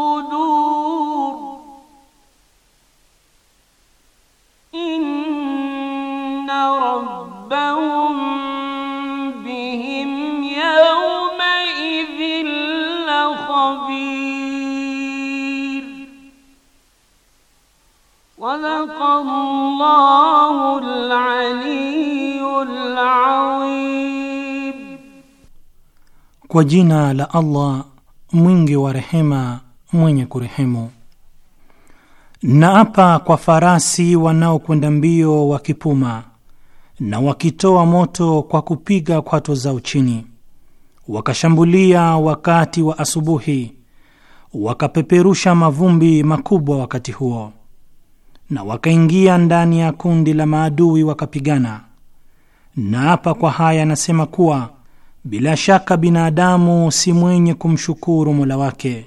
الصدور إن ربهم بهم يومئذ لخبير ولقى الله العلي العظيم Kwa jina la Allah mwingi wa rehema mwenye kurehemu. Naapa kwa farasi wanaokwenda mbio wakipuma na wakitoa moto kwa kupiga kwato zao chini, wakashambulia wakati wa asubuhi, wakapeperusha mavumbi makubwa wakati huo, na wakaingia ndani ya kundi la maadui wakapigana. Naapa kwa haya anasema kuwa bila shaka binadamu si mwenye kumshukuru Mola wake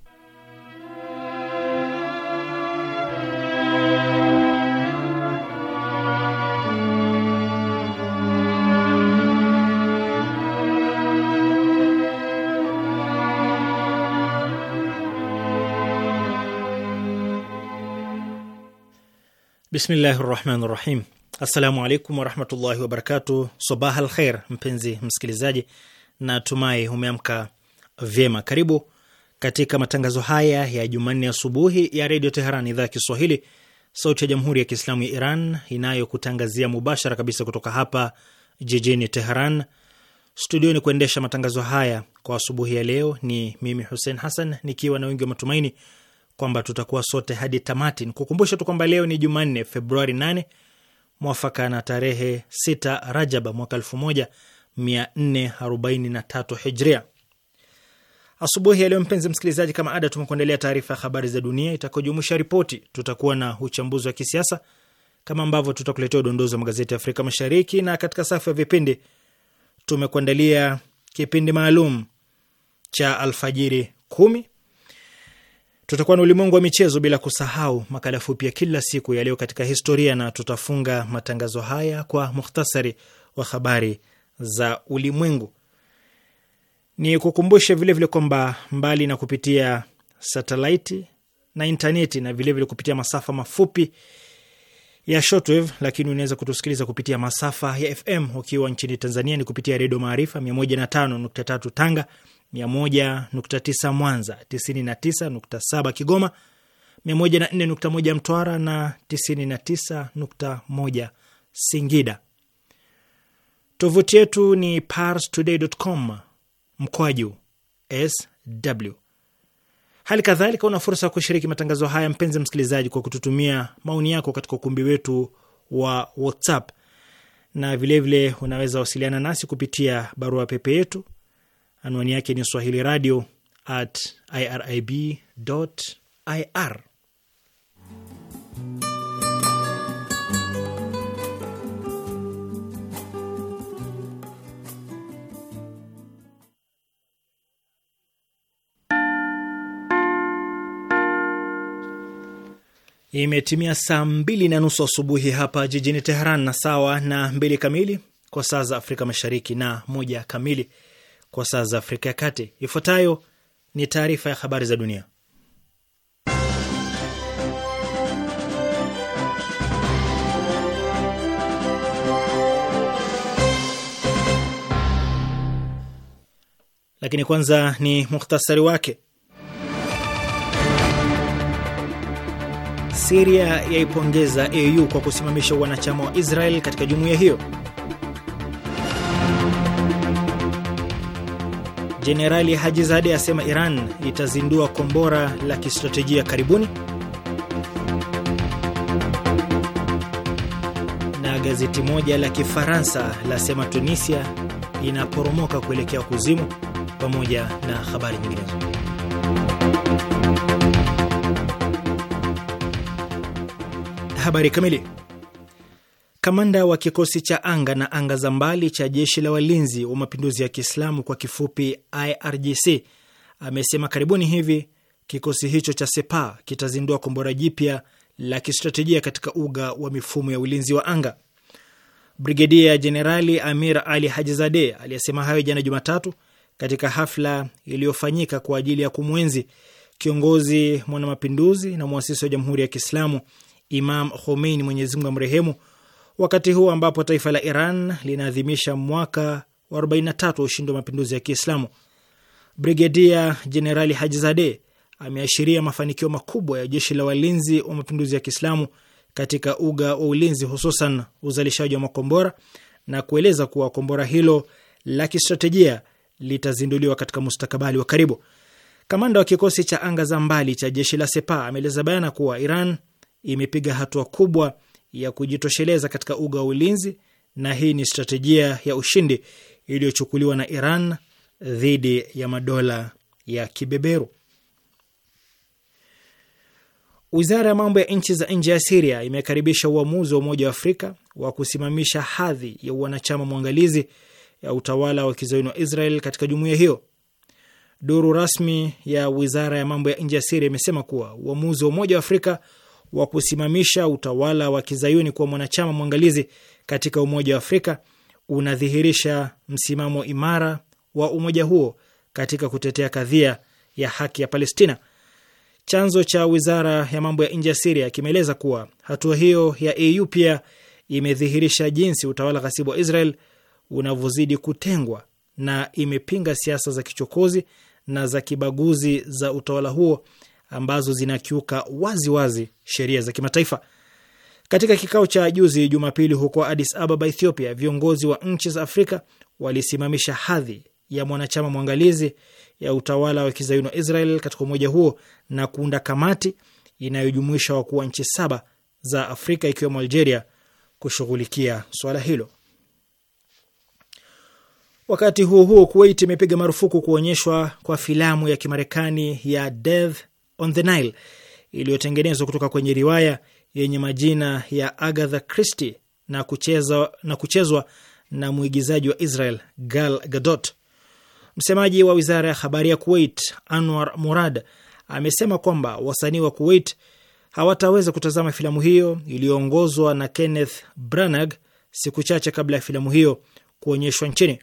Bismillahi rahmani rahim. Assalamu alaikum warahmatullahi wabarakatu. Sabah al khair, mpenzi msikilizaji, na tumai umeamka vyema. Karibu katika matangazo haya ya Jumanne asubuhi ya redio Teheran, idhaa ya Kiswahili, sauti ya jamhuri ya kiislamu ya Iran, inayokutangazia mubashara kabisa kutoka hapa jijini Teheran. Studioni kuendesha matangazo haya kwa asubuhi ya leo ni mimi Hussein Hassan, nikiwa na wengi wa matumaini kwamba tutakuwa sote hadi tamati. Nikukumbusha tu kwamba leo ni Jumanne, Februari 8 mwafaka na tarehe 6 Rajab mwaka 1443 Hijria. Asubuhi ya leo, mpenzi msikilizaji, kama ada, tumekuandalia taarifa ya habari za dunia itakayojumuisha ripoti. Tutakuwa na uchambuzi wa kisiasa kama ambavyo tutakuletea udondozi wa magazeti ya Afrika Mashariki, na katika safu ya vipindi tumekuandalia kipindi maalum cha alfajiri kumi Tutakuwa na ulimwengu wa michezo, bila kusahau makala fupi ya kila siku yaliyo katika historia, na tutafunga matangazo haya kwa muhtasari wa habari za ulimwengu. Ni kukumbushe vilevile kwamba mbali na kupitia satelaiti na intaneti na vilevile vile kupitia masafa mafupi ya shortwave, lakini unaweza kutusikiliza kupitia masafa ya FM. Ukiwa nchini Tanzania ni kupitia Redio Maarifa 105.3 Tanga, 101.9 Mwanza, 99.7 Kigoma, 104.1 Mtwara na 99.1 Singida. Tovuti yetu ni parstoday.com mkwaju sw. Hali kadhalika una fursa ya kushiriki matangazo haya, mpenzi msikilizaji, kwa kututumia maoni yako katika ukumbi wetu wa WhatsApp na vilevile vile unaweza wasiliana nasi kupitia barua pepe yetu Anwani yake ni swahili radio at irib ir. Imetimia saa mbili na nusu asubuhi hapa jijini Teheran na sawa na mbili kamili kwa saa za Afrika Mashariki na moja kamili kwa saa za Afrika ya Kati. Ifuatayo ni taarifa ya habari za dunia, lakini kwanza ni muhtasari wake. Siria yaipongeza AU kwa kusimamisha wanachama wa Israel katika jumuiya hiyo. Jenerali Haji Zade asema Iran itazindua kombora la kistratejia karibuni, na gazeti moja la Kifaransa lasema Tunisia inaporomoka kuelekea kuzimu, pamoja na habari nyinginezo. Habari kamili Kamanda wa kikosi cha anga na anga za mbali cha jeshi la walinzi wa mapinduzi ya Kiislamu kwa kifupi IRGC amesema karibuni hivi kikosi hicho cha Sepa kitazindua kombora jipya la kistratejia katika uga wa mifumo ya ulinzi wa anga. Brigedia Jenerali Amir Ali Hajizade aliyesema hayo jana Jumatatu katika hafla iliyofanyika kwa ajili ya kumwenzi kiongozi mwanamapinduzi na mwasisi wa Jamhuri ya Kiislamu Imam Khomeini, Mwenyezi Mungu amrehemu, wakati huu ambapo taifa la Iran linaadhimisha mwaka wa 43 wa ushindi wa mapinduzi ya Kiislamu. Brigedia Jenerali Hajizadeh ameashiria mafanikio makubwa ya jeshi la walinzi wa mapinduzi ya Kiislamu katika uga wa ulinzi, hususan uzalishaji wa makombora na kueleza kuwa kombora hilo la kistratejia litazinduliwa katika mustakabali wa karibu. Kamanda wa kikosi cha anga za mbali cha jeshi la Sepa ameeleza bayana kuwa Iran imepiga hatua kubwa ya kujitosheleza katika uga wa ulinzi, na hii ni strategia ya ushindi iliyochukuliwa na Iran dhidi ya madola ya kibeberu. Wizara ya mambo ya nchi za nje ya Siria imekaribisha uamuzi wa Umoja wa Afrika wa kusimamisha hadhi ya wanachama mwangalizi ya utawala wa kizayuni wa Israel katika jumuiya hiyo. Duru rasmi ya wizara ya mambo ya nje ya Siria imesema kuwa uamuzi wa Umoja wa Afrika wa kusimamisha utawala wa kizayuni kuwa mwanachama mwangalizi katika Umoja wa Afrika unadhihirisha msimamo imara wa umoja huo katika kutetea kadhia ya haki ya Palestina. Chanzo cha wizara ya mambo ya nje ya Siria kimeeleza kuwa hatua hiyo ya EU pia imedhihirisha jinsi utawala ghasibu wa Israel unavyozidi kutengwa na imepinga siasa za kichokozi na za kibaguzi za utawala huo ambazo zinakiuka waziwazi sheria za kimataifa. Katika kikao cha juzi Jumapili huko Addis Ababa, Ethiopia, viongozi wa nchi za Afrika walisimamisha hadhi ya mwanachama mwangalizi ya utawala wa kizayuni wa Israel katika umoja huo na kuunda kamati inayojumuisha wakuu wa nchi saba za Afrika ikiwemo Algeria kushughulikia swala hilo. Wakati huo huo, Kuwait imepiga marufuku kuonyeshwa kwa filamu ya Kimarekani ya Death on the Nile iliyotengenezwa kutoka kwenye riwaya yenye majina ya Agatha Christie na kuchezwa na, kuchezwa na mwigizaji wa Israel Gal Gadot. Msemaji wa wizara ya habari ya Kuwait Anwar Murad amesema kwamba wasanii wa Kuwait hawataweza kutazama filamu hiyo iliyoongozwa na Kenneth Branagh siku chache kabla ya filamu hiyo kuonyeshwa nchini.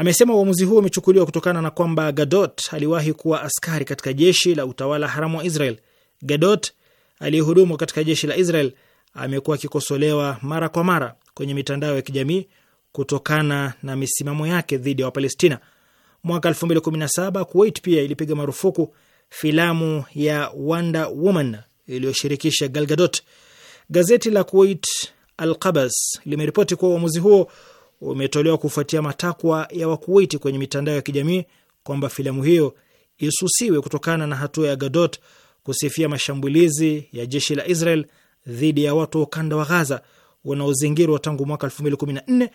Amesema uamuzi huo umechukuliwa kutokana na kwamba Gadot aliwahi kuwa askari katika jeshi la utawala haramu wa Israel. Gadot aliyehudumu katika jeshi la Israel amekuwa akikosolewa mara kwa mara kwenye mitandao ya kijamii kutokana na misimamo yake dhidi ya Wapalestina. Mwaka 2017 Kuwait pia ilipiga marufuku filamu ya Wonder Woman iliyoshirikisha Gal Gadot. Gazeti la Kuwait Al Qabas limeripoti kuwa uamuzi huo umetolewa kufuatia matakwa ya Wakuwaiti kwenye mitandao ya kijamii kwamba filamu hiyo isusiwe kutokana na hatua ya Gadot kusifia mashambulizi ya jeshi la Israel dhidi ya watu wa ukanda wa Ghaza wanaozingirwa tangu mwaka 2014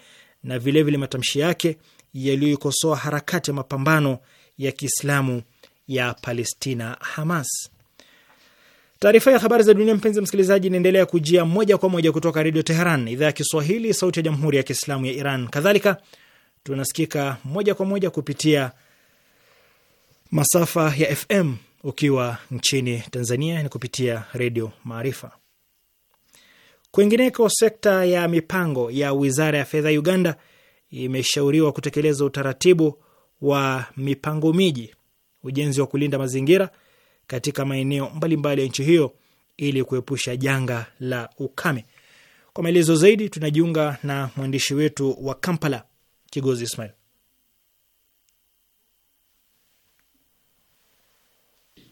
na vilevile matamshi yake yaliyoikosoa harakati ya mapambano ya Kiislamu ya Palestina, Hamas. Taarifa ya habari za dunia, mpenzi msikilizaji, inaendelea kujia moja kwa moja kutoka Redio Teheran, idhaa ya Kiswahili, sauti ya jamhuri ya kiislamu ya Iran. Kadhalika tunasikika moja kwa moja kupitia masafa ya FM. Ukiwa nchini Tanzania ni kupitia Redio Maarifa. Kwingineko, sekta ya mipango ya wizara ya fedha ya Uganda imeshauriwa kutekeleza utaratibu wa mipango miji, ujenzi wa kulinda mazingira katika maeneo mbalimbali ya nchi hiyo ili kuepusha janga la ukame. Kwa maelezo zaidi, tunajiunga na mwandishi wetu wa Kampala, Kigozi Ismail.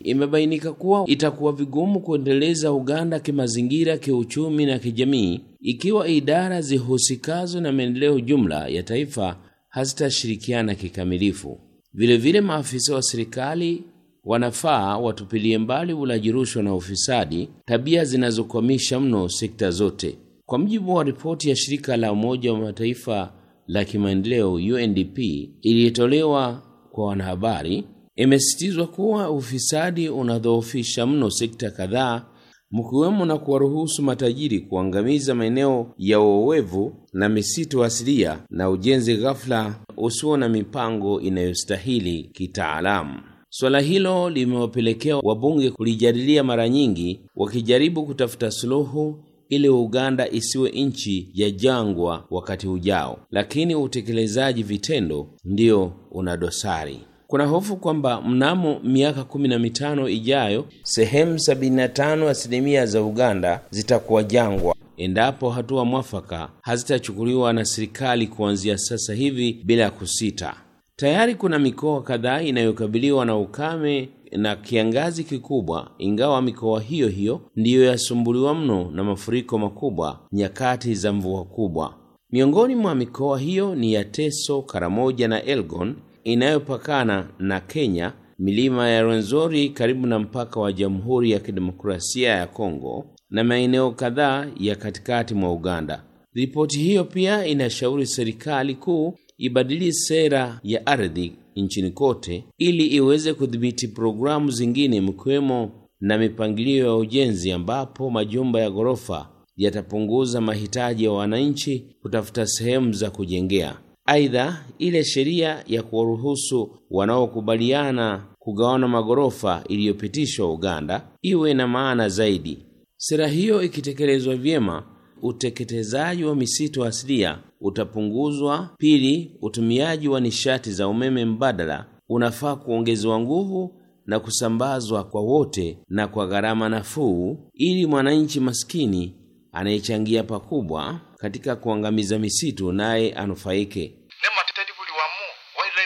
Imebainika kuwa itakuwa vigumu kuendeleza Uganda kimazingira, kiuchumi na kijamii ikiwa idara zihusikazo na maendeleo jumla ya taifa hazitashirikiana kikamilifu. Vilevile, maafisa wa serikali wanafaa watupilie mbali ulaji rushwa na ufisadi, tabia zinazokwamisha mno sekta zote. Kwa mujibu wa ripoti ya shirika la Umoja wa Mataifa la kimaendeleo UNDP iliyotolewa kwa wanahabari, imesisitizwa kuwa ufisadi unadhoofisha mno sekta kadhaa mkiwemo na kuwaruhusu matajiri kuangamiza maeneo ya uowevu na misitu asilia na ujenzi ghafla usio na mipango inayostahili kitaalamu. Swala hilo limewapelekea wabunge kulijadilia mara nyingi, wakijaribu kutafuta suluhu ili Uganda isiwe nchi ya jangwa wakati ujao, lakini utekelezaji vitendo ndio una dosari. Kuna hofu kwamba mnamo miaka kumi na mitano ijayo sehemu sabini na tano asilimia za Uganda zitakuwa jangwa endapo hatua mwafaka hazitachukuliwa na serikali kuanzia sasa hivi bila kusita. Tayari kuna mikoa kadhaa inayokabiliwa na ukame na kiangazi kikubwa, ingawa mikoa hiyo hiyo ndiyo yasumbuliwa mno na mafuriko makubwa nyakati za mvua kubwa. Miongoni mwa mikoa hiyo ni ya teso Karamoja na Elgon inayopakana na Kenya, milima ya Rwenzori karibu na mpaka wa Jamhuri ya Kidemokrasia ya Kongo na maeneo kadhaa ya katikati mwa Uganda. Ripoti hiyo pia inashauri serikali kuu ibadili sera ya ardhi nchini kote ili iweze kudhibiti programu zingine mkiwemo na mipangilio ya ujenzi, ambapo majumba ya ghorofa yatapunguza mahitaji ya wananchi kutafuta sehemu za kujengea. Aidha, ile sheria ya kuwaruhusu wanaokubaliana kugawana maghorofa iliyopitishwa Uganda iwe na maana zaidi. Sera hiyo ikitekelezwa vyema uteketezaji wa misitu asilia utapunguzwa. Pili, utumiaji wa nishati za umeme mbadala unafaa kuongezewa nguvu na kusambazwa kwa wote na kwa gharama nafuu, ili mwananchi maskini anayechangia pakubwa katika kuangamiza misitu naye anufaike.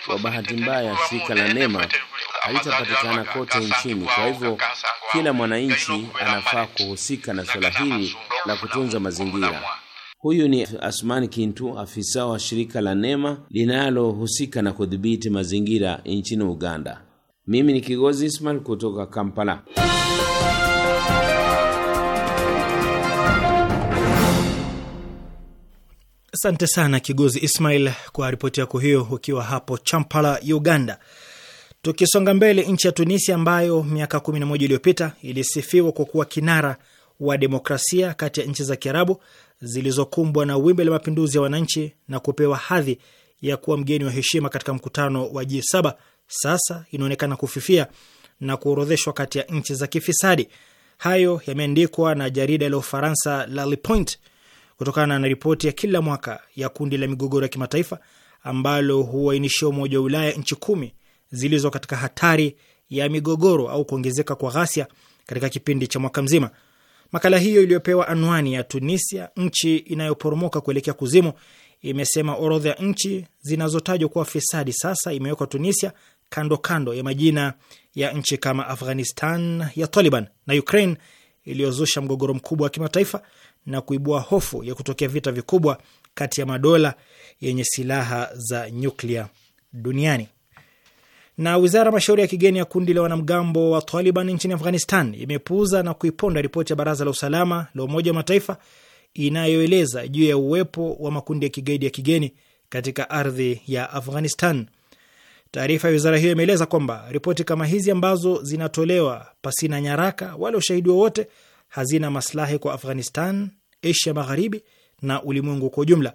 Kwa bahati mbaya, shirika la NEMA halitapatikana kote nchini, kwa hivyo kila mwananchi anafaa kuhusika na suala hili la kutunza mazingira. Huyu ni Asmani Kintu, afisa wa shirika la NEMA linalohusika na kudhibiti mazingira nchini Uganda. Mimi ni Kigozi Ismail kutoka Kampala. Asante sana Kigozi Ismail kwa ripoti yako hiyo, ukiwa hapo Champala, Uganda. Tukisonga mbele, nchi ya Tunisia ambayo miaka 11 iliyopita ilisifiwa kwa kuwa kinara wa demokrasia kati ya nchi za Kiarabu zilizokumbwa na wimbi la mapinduzi ya wananchi na kupewa hadhi ya kuwa mgeni wa heshima katika mkutano wa G7, sasa inaonekana kufifia na kuorodheshwa kati ya nchi za kifisadi. Hayo yameandikwa na jarida la Ufaransa la Le Point kutokana na ripoti ya kila mwaka ya kundi la migogoro ya kimataifa ambalo huainishia Umoja wa Ulaya nchi kumi zilizo katika hatari ya migogoro au kuongezeka kwa ghasia katika kipindi cha mwaka mzima. Makala hiyo iliyopewa anwani ya Tunisia, nchi inayoporomoka kuelekea kuzimu, imesema orodha ya nchi zinazotajwa kuwa fisadi sasa imewekwa Tunisia kando kando ya majina ya nchi kama Afghanistan ya Taliban na Ukraine iliyozusha mgogoro mkubwa wa kimataifa na kuibua hofu ya kutokea vita vikubwa kati ya madola yenye silaha za nyuklia duniani. Na wizara mashauri ya kigeni ya kundi la wanamgambo wa Taliban nchini Afghanistan imepuuza na kuiponda ripoti ya baraza la usalama la Umoja wa Mataifa inayoeleza juu ya uwepo wa makundi ya kigaidi ya kigeni katika ardhi ya Afghanistan. Taarifa ya wizara hiyo imeeleza kwamba ripoti kama hizi ambazo zinatolewa pasina nyaraka wala ushahidi wowote hazina maslahi kwa Afghanistan, Asia Magharibi na ulimwengu kwa ujumla.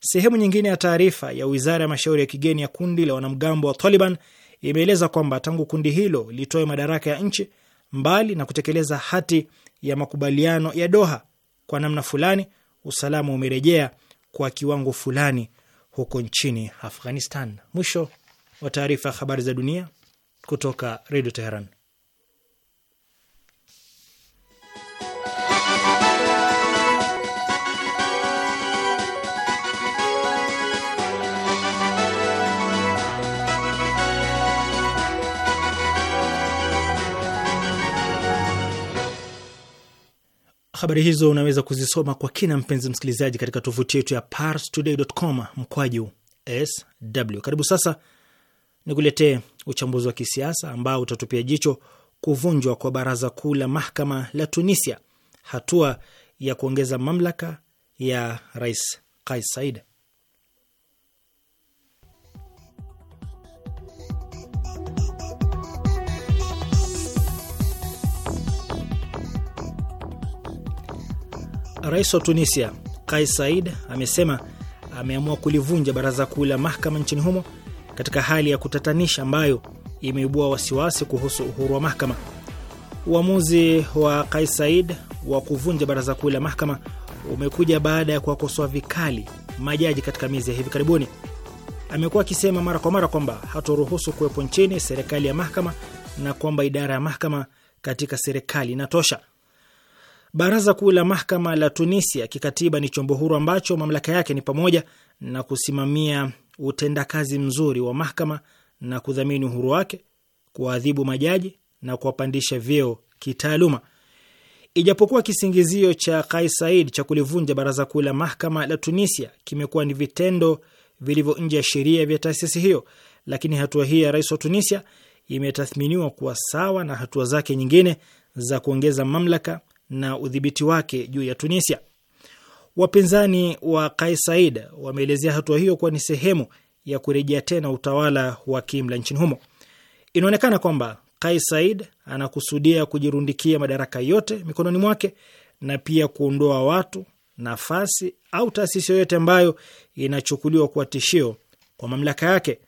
Sehemu nyingine ya taarifa ya wizara ya mashauri ya kigeni ya kundi la wanamgambo wa Taliban imeeleza kwamba tangu kundi hilo litoe madaraka ya nchi, mbali na kutekeleza hati ya makubaliano ya Doha, kwa namna fulani usalama umerejea kwa kiwango fulani huko nchini Afghanistan. Mwisho wa taarifa ya habari za dunia kutoka Redio Teheran. Habari hizo unaweza kuzisoma kwa kina, mpenzi msikilizaji, katika tovuti yetu ya parstoday.com mkwaju sw. Karibu sasa nikuletee uchambuzi wa kisiasa ambao utatupia jicho kuvunjwa kwa baraza kuu la mahakama la Tunisia, hatua ya kuongeza mamlaka ya Rais Kais Saied. Rais wa Tunisia Kais Said amesema ameamua kulivunja baraza kuu la mahakama nchini humo katika hali ya kutatanisha ambayo imeibua wasiwasi kuhusu uhuru wa mahakama. Uamuzi wa Kais said wa kuvunja baraza kuu la mahakama umekuja baada ya kuwakosoa vikali majaji katika miezi ya hivi karibuni. Amekuwa akisema mara kwa mara kwamba hatoruhusu kuwepo nchini serikali ya mahakama na kwamba idara ya mahakama katika serikali inatosha. Baraza Kuu la Mahakama la Tunisia kikatiba ni chombo huru ambacho mamlaka yake ni pamoja na kusimamia utendakazi mzuri wa mahakama na kudhamini uhuru wake, kuwaadhibu majaji na kuwapandisha vyeo kitaaluma. Ijapokuwa kisingizio cha Kais cha kulivunja Baraza Kuu la Mahakama la Tunisia kimekuwa ni vitendo vilivyo nje ya sheria vya taasisi hiyo, lakini hatua hii ya rais wa Tunisia imetathminiwa kuwa sawa na hatua zake nyingine za kuongeza mamlaka na udhibiti wake juu ya Tunisia. Wapinzani wa Kais Said wameelezea hatua hiyo kuwa ni sehemu ya kurejea tena utawala wa kiimla nchini humo. Inaonekana kwamba Kais Said anakusudia kujirundikia madaraka yote mikononi mwake na pia kuondoa watu, nafasi au taasisi yoyote ambayo inachukuliwa kuwa tishio kwa mamlaka yake.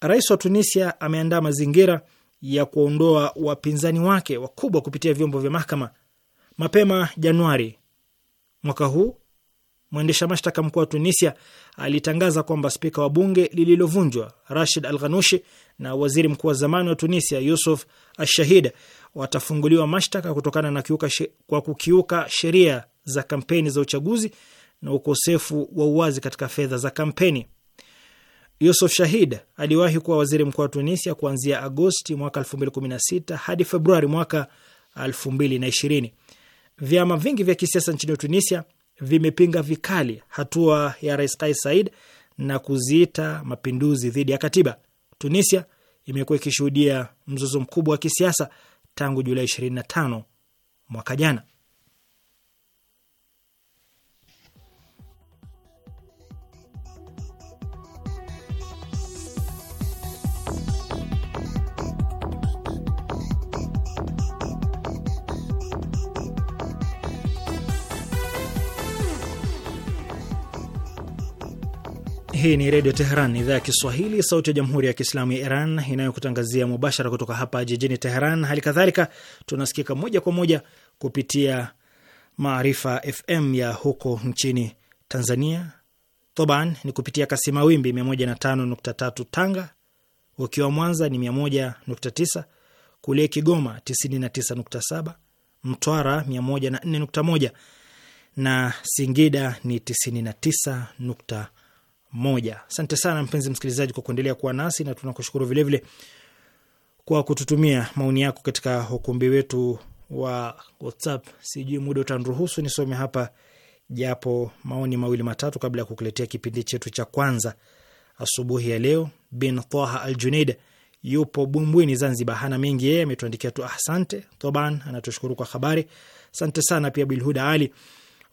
Rais wa Tunisia ameandaa mazingira ya kuondoa wapinzani wake wakubwa kupitia vyombo vya mahakama Mapema Januari mwaka huu mwendesha mashtaka mkuu wa Tunisia alitangaza kwamba spika wa bunge lililovunjwa Rashid Al Ghanushi na waziri mkuu wa zamani wa Tunisia Yusuf Ashahid watafunguliwa mashtaka kutokana na kiuka she, kwa kukiuka sheria za kampeni za uchaguzi na ukosefu wa uwazi katika fedha za kampeni. Yusuf Shahid aliwahi kuwa waziri mkuu wa Tunisia kuanzia Agosti mwaka 2016 hadi Februari mwaka 2020. Vyama vingi vya kisiasa nchini Tunisia vimepinga vikali hatua ya Rais Kais said na kuziita mapinduzi dhidi ya katiba. Tunisia imekuwa ikishuhudia mzozo mkubwa wa kisiasa tangu Julai 25 mwaka jana. Hii ni Redio Teheran, idhaa ya Kiswahili, sauti ya Jamhuri ya Kiislamu ya Iran, inayokutangazia mubashara kutoka hapa jijini Teheran. Hali kadhalika tunasikika moja kwa moja kupitia Maarifa FM ya huko nchini Tanzania. Toban ni kupitia kasi mawimbi 105.3 Tanga, ukiwa Mwanza ni 101.9, kule Kigoma 99.7, Mtwara 104.1 na Singida ni 99 moja. Asante sana mpenzi msikilizaji kwa kuendelea kuwa nasi na tunakushukuru vilevile kwa kututumia maoni yako katika ukumbi wetu wa WhatsApp. Sijui muda utanruhusu nisome hapa japo maoni mawili matatu kabla ya kukuletea kipindi chetu cha kwanza asubuhi ya leo. Bin Taha Al Junaid yupo Bumbwini, Zanzibar, hana mengi yeye, ametuandikia tu asante. Toban anatushukuru kwa habari, asante sana. Pia Bilhuda Ali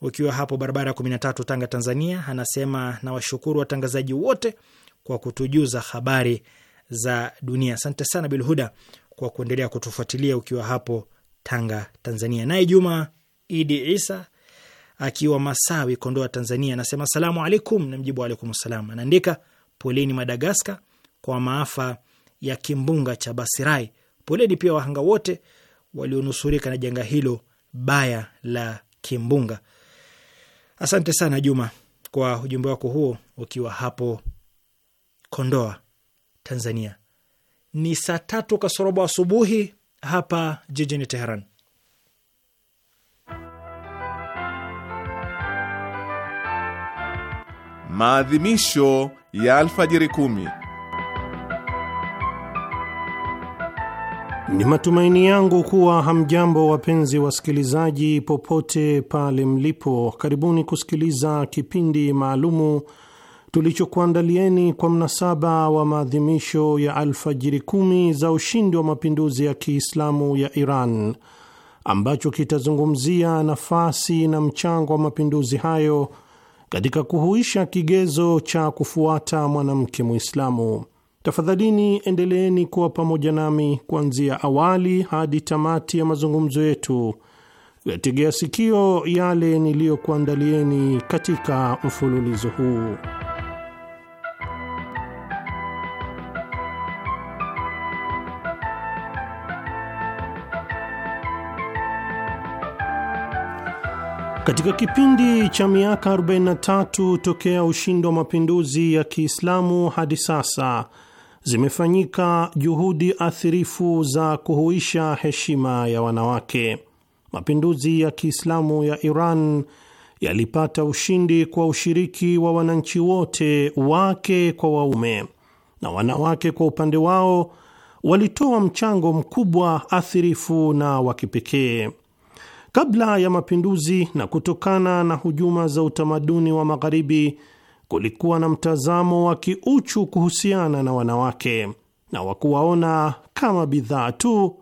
ukiwa hapo barabara ya 13 Tanga, Tanzania. Anasema nawashukuru watangazaji wote kwa kutujuza habari za dunia. Asante sana Bilhuda kwa kuendelea kutufuatilia ukiwa hapo Tanga, Tanzania. Naye Juma Idi Isa akiwa Masawi, Kondoa, Tanzania, anasema salamu alaikum, na mjibu alaikum salam. Anaandika poleni Madagaskar kwa maafa ya kimbunga cha Basirai. Poleni pia wahanga wote walionusurika na janga hilo baya la kimbunga. Asante sana Juma kwa ujumbe wako huo, ukiwa hapo Kondoa, Tanzania. Ni saa tatu kasorobo asubuhi hapa jijini Teheran. Maadhimisho ya alfajiri kumi Ni matumaini yangu kuwa hamjambo wapenzi wasikilizaji, popote pale mlipo. Karibuni kusikiliza kipindi maalumu tulichokuandalieni kwa mnasaba wa maadhimisho ya alfajiri kumi za ushindi wa mapinduzi ya Kiislamu ya Iran ambacho kitazungumzia nafasi na mchango wa mapinduzi hayo katika kuhuisha kigezo cha kufuata mwanamke Muislamu. Tafadhalini endeleeni kuwa pamoja nami kuanzia awali hadi tamati ya mazungumzo yetu, kuyategea sikio yale niliyokuandalieni katika mfululizo huu. Katika kipindi cha miaka 43 tokea ushindi wa mapinduzi ya Kiislamu hadi sasa zimefanyika juhudi athirifu za kuhuisha heshima ya wanawake. Mapinduzi ya Kiislamu ya Iran yalipata ushindi kwa ushiriki wa wananchi wote, wake kwa waume, na wanawake kwa upande wao walitoa mchango mkubwa athirifu na wa kipekee. Kabla ya mapinduzi na kutokana na hujuma za utamaduni wa Magharibi, kulikuwa na mtazamo wa kiuchu kuhusiana na wanawake na wa kuwaona kama bidhaa tu,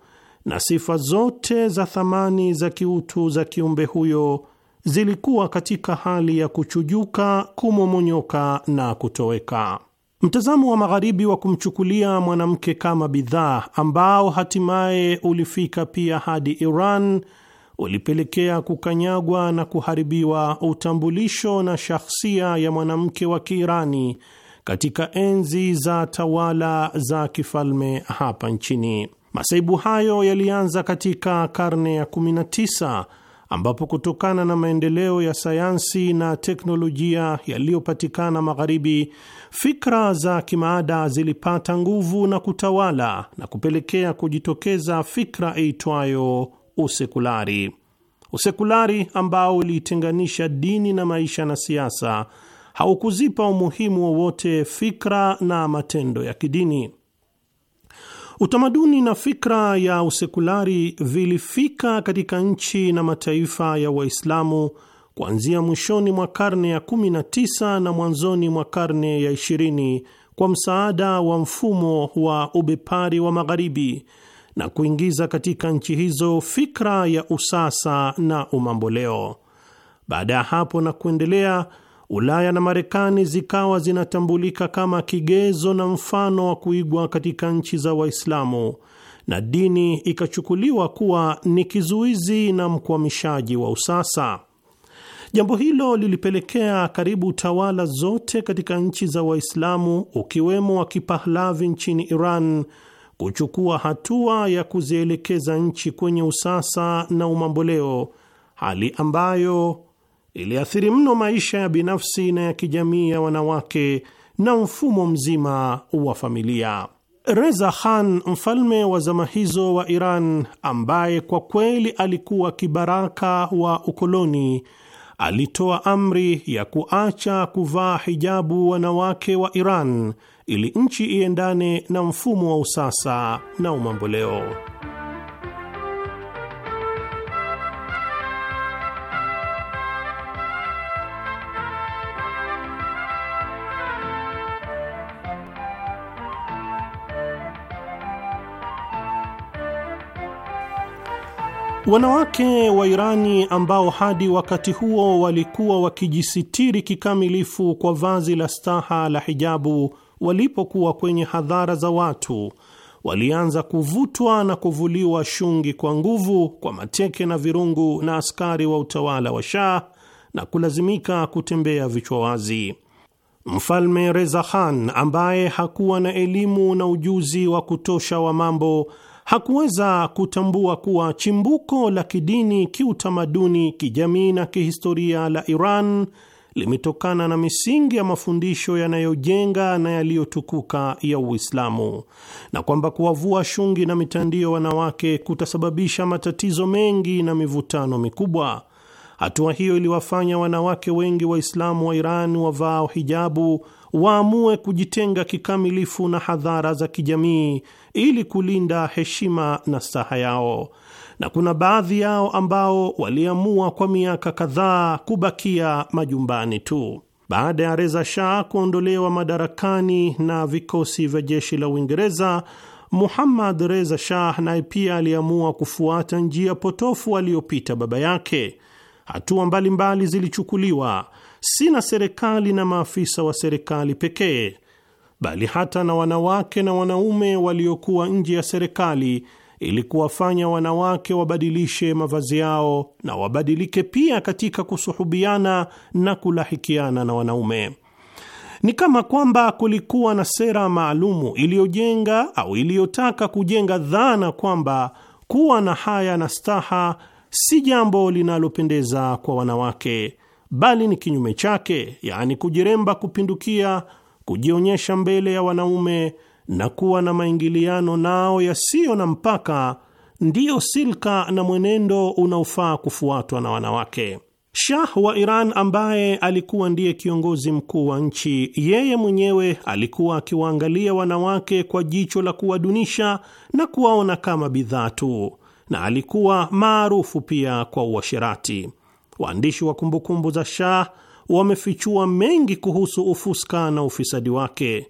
na sifa zote za thamani za kiutu za kiumbe huyo zilikuwa katika hali ya kuchujuka, kumomonyoka na kutoweka. Mtazamo wa Magharibi wa kumchukulia mwanamke kama bidhaa ambao hatimaye ulifika pia hadi Iran ulipelekea kukanyagwa na kuharibiwa utambulisho na shahsia ya mwanamke wa Kiirani katika enzi za tawala za kifalme hapa nchini. Masaibu hayo yalianza katika karne ya 19 ambapo kutokana na maendeleo ya sayansi na teknolojia yaliyopatikana magharibi, fikra za kimaada zilipata nguvu na kutawala na kupelekea kujitokeza fikra iitwayo usekulari. Usekulari ambao uliitenganisha dini na maisha na siasa haukuzipa umuhimu wowote fikra na matendo ya kidini. Utamaduni na fikra ya usekulari vilifika katika nchi na mataifa ya Waislamu kuanzia mwishoni mwa karne ya 19 na mwanzoni mwa karne ya 20 kwa msaada wa mfumo wa ubepari wa Magharibi na kuingiza katika nchi hizo fikra ya usasa na umamboleo. Baada ya hapo na kuendelea, Ulaya na Marekani zikawa zinatambulika kama kigezo na mfano wa kuigwa katika nchi za Waislamu, na dini ikachukuliwa kuwa ni kizuizi na mkwamishaji wa usasa. Jambo hilo lilipelekea karibu tawala zote katika nchi za Waislamu, ukiwemo wa Kipahlavi nchini Iran kuchukua hatua ya kuzielekeza nchi kwenye usasa na umamboleo, hali ambayo iliathiri mno maisha ya binafsi na ya kijamii ya wanawake na mfumo mzima wa familia. Reza Khan, mfalme wa zama hizo wa Iran, ambaye kwa kweli alikuwa kibaraka wa ukoloni, alitoa amri ya kuacha kuvaa hijabu wanawake wa Iran ili nchi iendane na mfumo wa usasa na umamboleo. Wanawake wa Irani ambao hadi wakati huo walikuwa wakijisitiri kikamilifu kwa vazi la staha la hijabu walipokuwa kwenye hadhara za watu, walianza kuvutwa na kuvuliwa shungi kwa nguvu, kwa mateke na virungu na askari wa utawala wa Shah na kulazimika kutembea vichwa wazi. Mfalme Reza Khan ambaye hakuwa na elimu na ujuzi wa kutosha wa mambo hakuweza kutambua kuwa chimbuko la kidini, kiutamaduni, kijamii na kihistoria la Iran limetokana na misingi ya mafundisho yanayojenga na yaliyotukuka ya Uislamu, na kwamba kuwavua shungi na mitandio wanawake kutasababisha matatizo mengi na mivutano mikubwa. Hatua hiyo iliwafanya wanawake wengi Waislamu wa Iran wavao hijabu waamue kujitenga kikamilifu na hadhara za kijamii ili kulinda heshima na staha yao na kuna baadhi yao ambao waliamua kwa miaka kadhaa kubakia majumbani tu. Baada ya Reza Shah kuondolewa madarakani na vikosi vya jeshi la Uingereza, Muhammad Reza Shah naye pia aliamua kufuata njia potofu aliyopita baba yake. Hatua mbalimbali zilichukuliwa, si na serikali na maafisa wa serikali pekee, bali hata na wanawake na wanaume waliokuwa nje ya serikali ili kuwafanya wanawake wabadilishe mavazi yao na wabadilike pia katika kusuhubiana na kulahikiana na wanaume. Ni kama kwamba kulikuwa na sera maalumu iliyojenga au iliyotaka kujenga dhana kwamba kuwa na haya na staha si jambo linalopendeza kwa wanawake, bali ni kinyume chake, yaani kujiremba kupindukia, kujionyesha mbele ya wanaume na kuwa na maingiliano nao yasiyo na mpaka, ndiyo silka na mwenendo unaofaa kufuatwa na wanawake. Shah wa Iran ambaye alikuwa ndiye kiongozi mkuu wa nchi, yeye mwenyewe alikuwa akiwaangalia wanawake kwa jicho la kuwadunisha na kuwaona kama bidhaa tu, na alikuwa maarufu pia kwa uasherati. Waandishi wa kumbukumbu za Shah wamefichua mengi kuhusu ufuska na ufisadi wake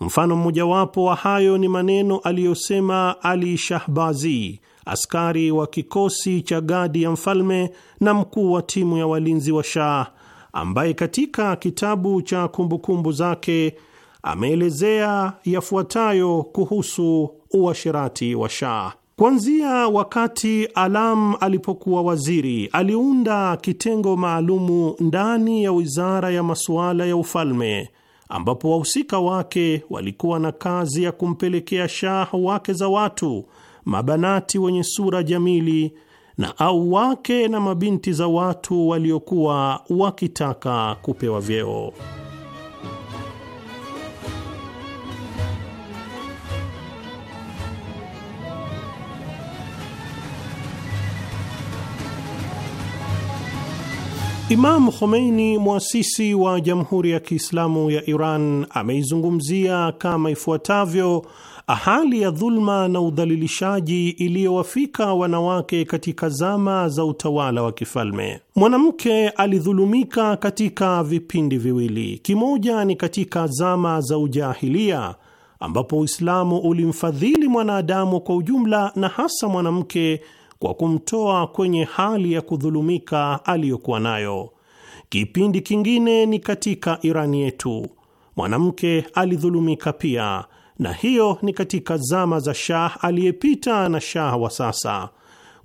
Mfano mmojawapo wa hayo ni maneno aliyosema Ali Shahbazi, askari wa kikosi cha gadi ya mfalme na mkuu wa timu ya walinzi wa Shah, ambaye katika kitabu cha kumbukumbu zake ameelezea yafuatayo kuhusu uashirati wa Shah. Kuanzia wakati Alam alipokuwa waziri, aliunda kitengo maalumu ndani ya wizara ya masuala ya ufalme ambapo wahusika wake walikuwa na kazi ya kumpelekea Shah wake za watu, mabanati wenye sura jamili na au wake na mabinti za watu waliokuwa wakitaka kupewa vyeo. Imam Khomeini, mwasisi wa Jamhuri ya Kiislamu ya Iran, ameizungumzia kama ifuatavyo hali ya dhulma na udhalilishaji iliyowafika wanawake katika zama za utawala wa kifalme. Mwanamke alidhulumika katika vipindi viwili. Kimoja ni katika zama za ujahilia ambapo Uislamu ulimfadhili mwanadamu kwa ujumla na hasa mwanamke kwa kumtoa kwenye hali ya kudhulumika aliyokuwa nayo. Kipindi kingine ni katika Irani yetu, mwanamke alidhulumika pia, na hiyo ni katika zama za Shah aliyepita na Shah wa sasa.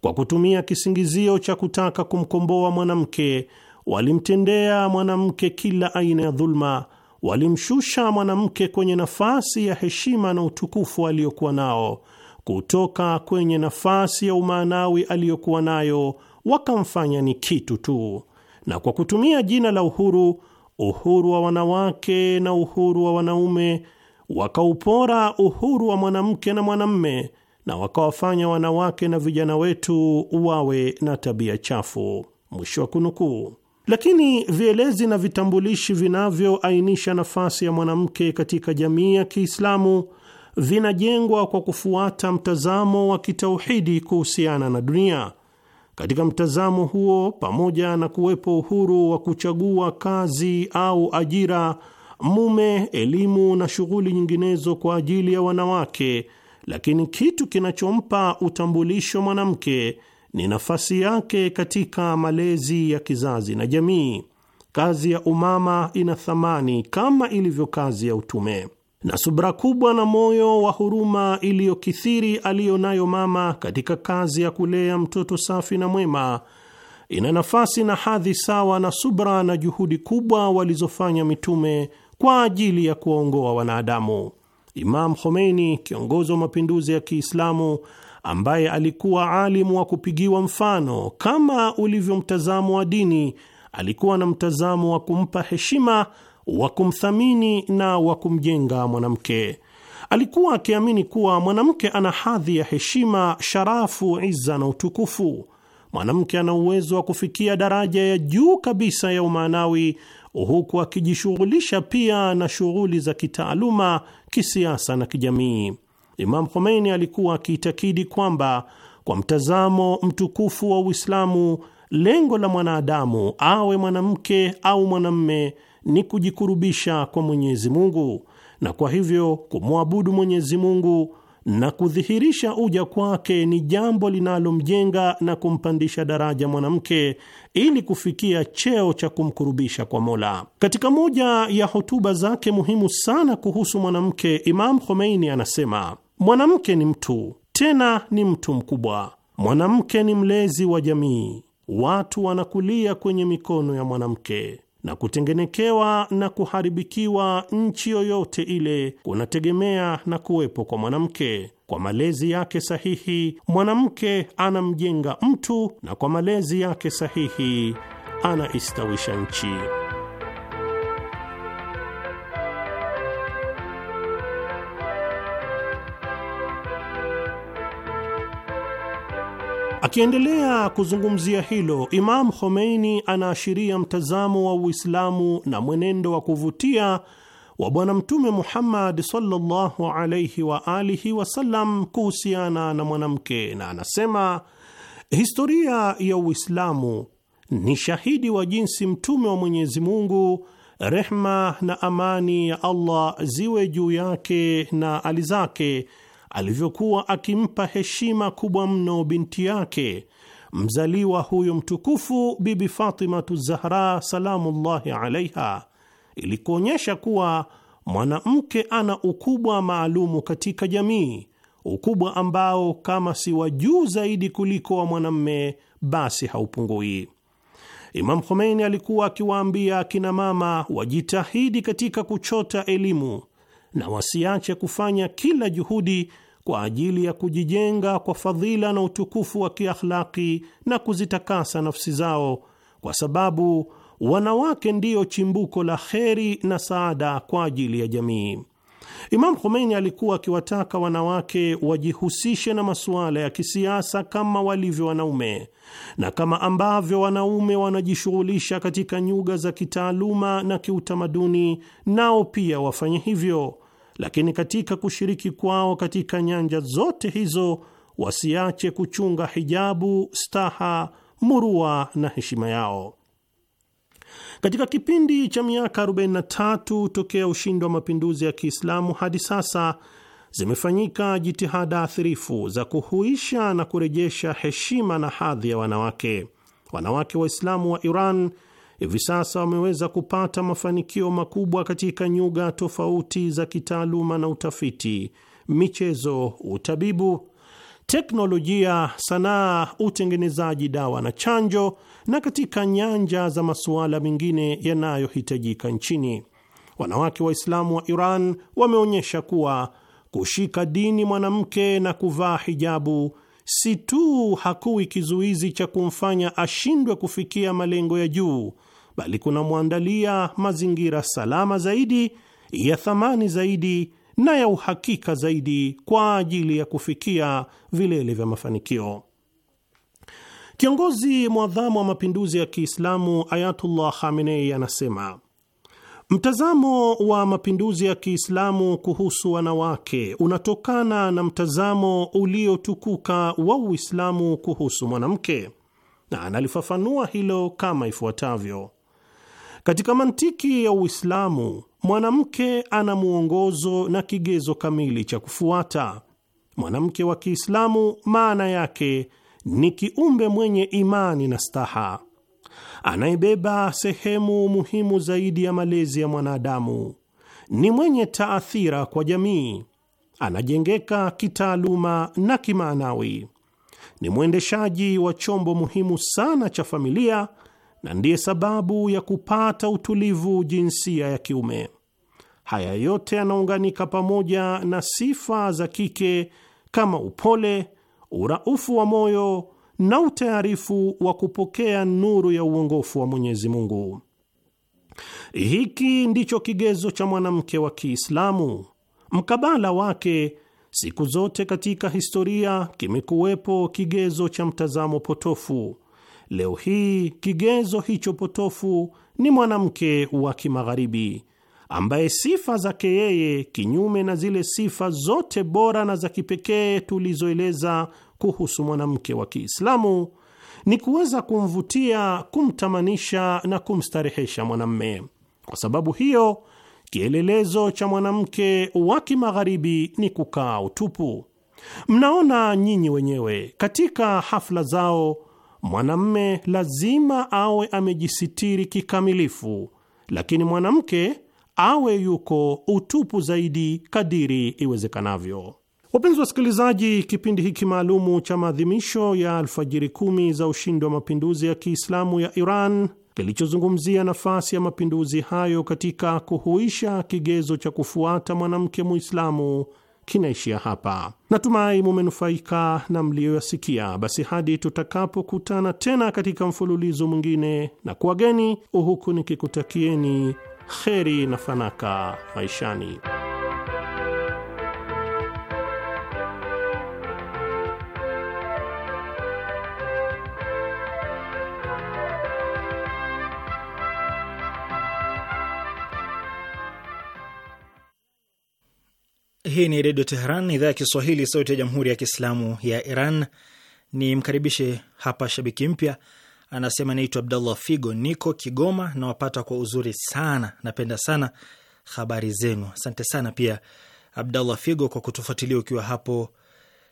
Kwa kutumia kisingizio cha kutaka kumkomboa mwanamke, walimtendea mwanamke kila aina ya dhuluma, walimshusha mwanamke kwenye nafasi ya heshima na utukufu aliyokuwa nao kutoka kwenye nafasi ya umaanawi aliyokuwa nayo, wakamfanya ni kitu tu, na kwa kutumia jina la uhuru, uhuru wa wanawake na uhuru wa wanaume, wakaupora uhuru wa mwanamke na mwanamme, na wakawafanya wanawake na vijana wetu wawe na tabia chafu. Mwisho wa kunukuu. Lakini vielezi na vitambulishi vinavyoainisha nafasi ya mwanamke katika jamii ya Kiislamu vinajengwa kwa kufuata mtazamo wa kitauhidi kuhusiana na dunia. Katika mtazamo huo, pamoja na kuwepo uhuru wa kuchagua kazi au ajira, mume, elimu na shughuli nyinginezo kwa ajili ya wanawake, lakini kitu kinachompa utambulisho mwanamke ni nafasi yake katika malezi ya kizazi na jamii. Kazi ya umama ina thamani kama ilivyo kazi ya utume na subra kubwa na moyo wa huruma iliyokithiri aliyo nayo mama katika kazi ya kulea mtoto safi na mwema ina nafasi na hadhi sawa na subra na juhudi kubwa walizofanya mitume kwa ajili ya kuwaongoa wanadamu. Imam Khomeini, kiongozi wa mapinduzi ya Kiislamu ambaye alikuwa alimu wa kupigiwa mfano kama ulivyo mtazamo wa dini, alikuwa na mtazamo wa kumpa heshima wa kumthamini na wa kumjenga mwanamke. Alikuwa akiamini kuwa mwanamke ana hadhi ya heshima, sharafu, iza na utukufu. Mwanamke ana uwezo wa kufikia daraja ya juu kabisa ya umaanawi, huku akijishughulisha pia na shughuli za kitaaluma, kisiasa na kijamii. Imam Khomeini alikuwa akiitakidi kwamba kwa mtazamo mtukufu wa Uislamu, lengo la mwanadamu awe mwanamke au mwanamme ni kujikurubisha kwa Mwenyezi Mungu na kwa hivyo kumwabudu Mwenyezi Mungu na kudhihirisha uja kwake ni jambo linalomjenga na kumpandisha daraja mwanamke ili kufikia cheo cha kumkurubisha kwa Mola. Katika moja ya hotuba zake muhimu sana kuhusu mwanamke, Imam Khomeini anasema, mwanamke ni mtu, tena ni mtu mkubwa. Mwanamke ni mlezi wa jamii, watu wanakulia kwenye mikono ya mwanamke na kutengenekewa na kuharibikiwa nchi yoyote ile kunategemea na kuwepo kwa mwanamke. Kwa malezi yake sahihi, mwanamke anamjenga mtu, na kwa malezi yake sahihi, anaistawisha nchi. Akiendelea kuzungumzia hilo, Imam Khomeini anaashiria mtazamo wa Uislamu na mwenendo wa kuvutia wa Bwana Mtume Muhammad sallallahu alayhi wa alihi wasallam kuhusiana na mwanamke, na anasema historia ya Uislamu ni shahidi wa jinsi Mtume wa Mwenyezi Mungu, rehma na amani ya Allah ziwe juu yake na ali zake alivyokuwa akimpa heshima kubwa mno binti yake mzaliwa huyo mtukufu Bibi Fatimatu Zahra salamullahi alaiha, ili kuonyesha kuwa mwanamke ana ukubwa maalumu katika jamii, ukubwa ambao kama si wa juu zaidi kuliko wa mwanamme basi haupungui. Imam Khomeini alikuwa akiwaambia akina mama wajitahidi katika kuchota elimu na wasiache kufanya kila juhudi kwa ajili ya kujijenga kwa fadhila na utukufu wa kiakhlaki na kuzitakasa nafsi zao, kwa sababu wanawake ndiyo chimbuko la kheri na saada kwa ajili ya jamii. Imam Khomeini alikuwa akiwataka wanawake wajihusishe na masuala ya kisiasa kama walivyo wanaume, na kama ambavyo wanaume wanajishughulisha katika nyuga za kitaaluma na kiutamaduni, nao pia wafanye hivyo, lakini katika kushiriki kwao katika nyanja zote hizo wasiache kuchunga hijabu, staha, murua na heshima yao. Katika kipindi cha miaka 43 tokea ushindi wa mapinduzi ya Kiislamu hadi sasa zimefanyika jitihada athirifu za kuhuisha na kurejesha heshima na hadhi ya wanawake. Wanawake Waislamu wa Iran hivi sasa wameweza kupata mafanikio makubwa katika nyuga tofauti za kitaaluma na utafiti, michezo, utabibu teknolojia, sanaa, utengenezaji dawa na chanjo, na katika nyanja za masuala mengine yanayohitajika nchini. Wanawake Waislamu wa Iran wameonyesha kuwa kushika dini mwanamke na kuvaa hijabu si tu hakuwi kizuizi cha kumfanya ashindwe kufikia malengo ya juu, bali kunamwandalia mazingira salama zaidi ya thamani zaidi na ya uhakika zaidi kwa ajili ya kufikia vilele vya mafanikio. Kiongozi mwadhamu wa mapinduzi ya Kiislamu Ayatullah Khamenei anasema mtazamo wa mapinduzi ya Kiislamu kuhusu wanawake unatokana na mtazamo uliotukuka wa Uislamu kuhusu mwanamke, na analifafanua hilo kama ifuatavyo: katika mantiki ya Uislamu, mwanamke ana mwongozo na kigezo kamili cha kufuata. Mwanamke wa Kiislamu maana yake ni kiumbe mwenye imani na staha, anayebeba sehemu muhimu zaidi ya malezi ya mwanadamu, ni mwenye taathira kwa jamii, anajengeka kitaaluma na kimaanawi, ni mwendeshaji wa chombo muhimu sana cha familia na ndiye sababu ya kupata utulivu jinsia ya kiume. Haya yote yanaunganika pamoja na sifa za kike kama upole, uraufu wa moyo na utayarifu wa kupokea nuru ya uongofu wa Mwenyezi Mungu. Hiki ndicho kigezo cha mwanamke wa Kiislamu. Mkabala wake, siku zote katika historia kimekuwepo kigezo cha mtazamo potofu Leo hii kigezo hicho potofu ni mwanamke wa Kimagharibi ambaye sifa zake yeye, kinyume na zile sifa zote bora na za kipekee tulizoeleza kuhusu mwanamke wa Kiislamu, ni kuweza kumvutia, kumtamanisha na kumstarehesha mwanamme. Kwa sababu hiyo, kielelezo cha mwanamke wa Kimagharibi ni kukaa utupu. Mnaona nyinyi wenyewe katika hafla zao mwanamme lazima awe amejisitiri kikamilifu, lakini mwanamke awe yuko utupu zaidi kadiri iwezekanavyo. Wapenzi wasikilizaji, kipindi hiki maalumu cha maadhimisho ya alfajiri kumi za ushindi wa mapinduzi ya Kiislamu ya Iran kilichozungumzia nafasi ya mapinduzi hayo katika kuhuisha kigezo cha kufuata mwanamke Muislamu kinaishia hapa. Natumai mumenufaika na mliyoyasikia. Basi hadi tutakapokutana tena katika mfululizo mwingine, na kuwageni huku nikikutakieni kheri na fanaka maishani. Hii ni Redio Teheran, idhaa ya Kiswahili, sauti ya Jamhuri ya Kiislamu ya Iran. Ni mkaribishe hapa shabiki mpya, anasema naitwa Abdallah Figo, niko Kigoma, nawapata kwa uzuri sana, napenda sana habari zenu. Asante sana pia Abdallah Figo kwa kutufuatilia ukiwa hapo